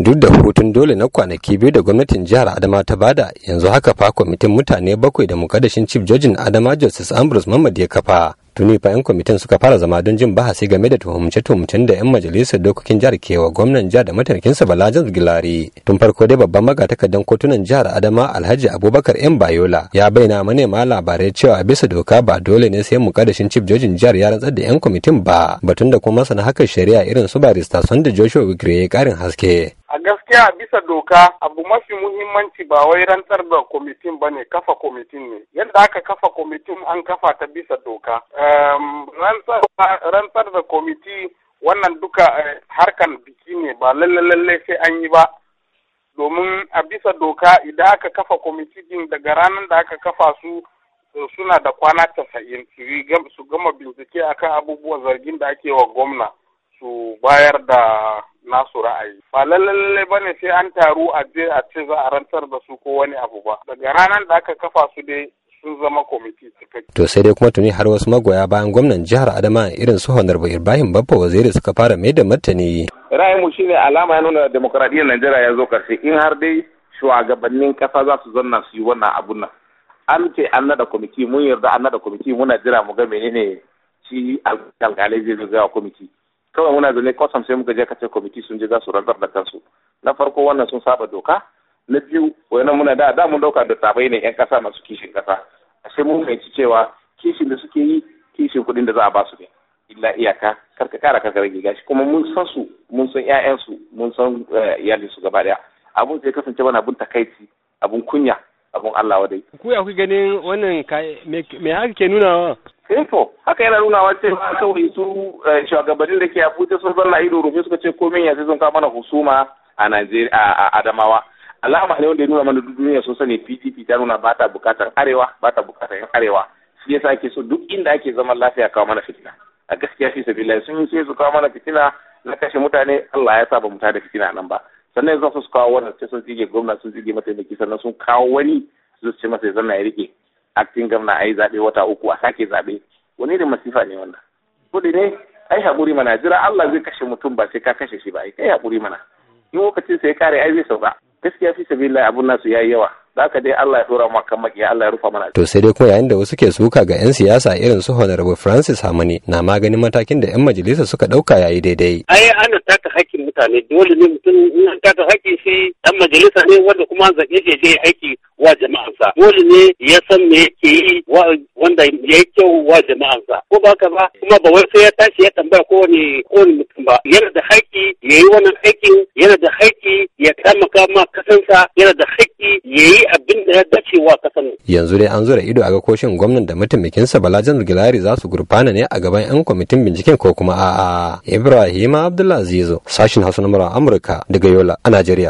duk da hutun dole na kwanaki biyu da gwamnatin jihar adama ta bada yanzu haka fa kwamitin mutane bakwai da mukaddashin chief jojin adama justice ambrose mamad ya kafa tuni fa yan kwamitin suka fara zama don jin bahasi game da tuhumce-tuhumcen da yan majalisar dokokin jihar ke wa gwamnan jihar da mataimakinsa bala james gilari tun farko dai babban magatakardan kotunan jihar adama alhaji abubakar yan bayola ya bayyana manema labarai cewa bisa doka ba dole ne sai mukaddashin chief jojin jihar ya rantsar da yan kwamitin ba batun da kuma masana hakan shari'a irin su barista sanda joshua wigre ya karin haske a gaskiya bisa doka abu mafi muhimmanci ba wai rantsar da kwamitin ba ne kafa kwamitin ne yadda aka kafa kwamitin an kafa ta bisa doka ehm, rantsar da kwamiti wannan duka eh, harkan biki ne ba lalle sai an yi ba domin a bisa doka idan aka kafa kwamiti din daga ranar da aka kafa su suna da kwana tasa'in su gama bincike akan abubuwan zargin da ake wa gwamna su bayar da nasu ra'ayi ba lallai ba ne sai an taru a je a ce za a rantar da su ko wani abu ba daga ranar da aka kafa su dai sun zama kwamiti To sai dai kuma tuni har wasu magoya bayan gwamnan jihar Adama irin su Honorable Ibrahim Babba Waziri suka fara mai da martani. Ra'ayinmu shine alama ya nuna demokaradiyyar Najeriya ya zo karshe in har dai shugabannin kasa za su zanna su yi wannan abun nan. An ce an nada kwamiti mun yarda an nada kwamiti muna jira mu ga menene shi alƙalai zai zo kwamiti. kawai muna zane kwasam sai muka je kace kwamiti sun je za su rantsar da kansu na farko wannan sun saba doka na biyu wannan muna da da mun dauka da tabai ne yan kasa masu kishin kasa sai mun fahimci cewa kishin da suke yi kishin kuɗin da za a ba su ne illa iyaka kar ka kara karka rage gashi kuma mun san su mun san ƴaƴan su mun san eh, iyalin su gaba daya abun sai kasance wani abun takaici abun kunya abun Allah wadai ku ya ku ganin wannan me haka ke wa. eh haka yana nunawa cewa kawai su eh, shugabannin da ke abuja sun zalla ido rufe suka ce komai yanzu sun kawo mana husuma a Najeriya a Adamawa alama ne wanda ya nuna mana duniya sun sani PDP ta nuna ba ta bukatar arewa ba ta bukatar yan arewa shi yasa ake so duk inda ake zaman lafiya kawo mana fitina a gaskiya fi sabilillahi sun yi sai su kawo mana fitina na kashe mutane Allah ya saba mutane da fitina nan ba sannan yanzu su kawo wannan sai sun tsige gwamna sun tsige mataimaki sannan sun kawo wani su ce masa ya zanna ya rike acting governor a yi zaɓe wata uku a sake zaɓe wani irin masifa ne wannan kuɗi ne ai haƙuri mana jira Allah zai kashe mutum ba sai ka kashe shi ba ai kai haƙuri mana in lokacin sai kare ai zai sauka gaskiya fi sabilillah abun nasu yayi yawa zaka dai Allah ya tura mu kan makiya Allah ya rufa mana to sai dai kuma yayin da wasu ke suka ga yan siyasa irin su Honorable Francis Hamani na maganin matakin da yan majalisa suka dauka yayi daidai ai ana ta hakkin mutane dole ne mutum in an taka hakkin shi dan majalisa ne wanda kuma an zaɓe shi je aiki wa jama'ansa dole ne ya san me yake yi wanda ya yi kyau wa jama'ansa ko ba ka ba kuma ba wai sai ya tashi ya tambaya kowane kowane mutum ba yana da hakki ya yi wannan aikin yana da hakki ya taimaka ma kasansa yana da hakki. ya yi abin da ya yanzu dai an zura ido a ga koshin gwamnan da mataimakinsa balajan gilari za su gurfana ne a gaban yan kwamitin binciken ko kuma a'a Ibrahim ibrahima zizo sashin hausa na amurka daga yola a najeriya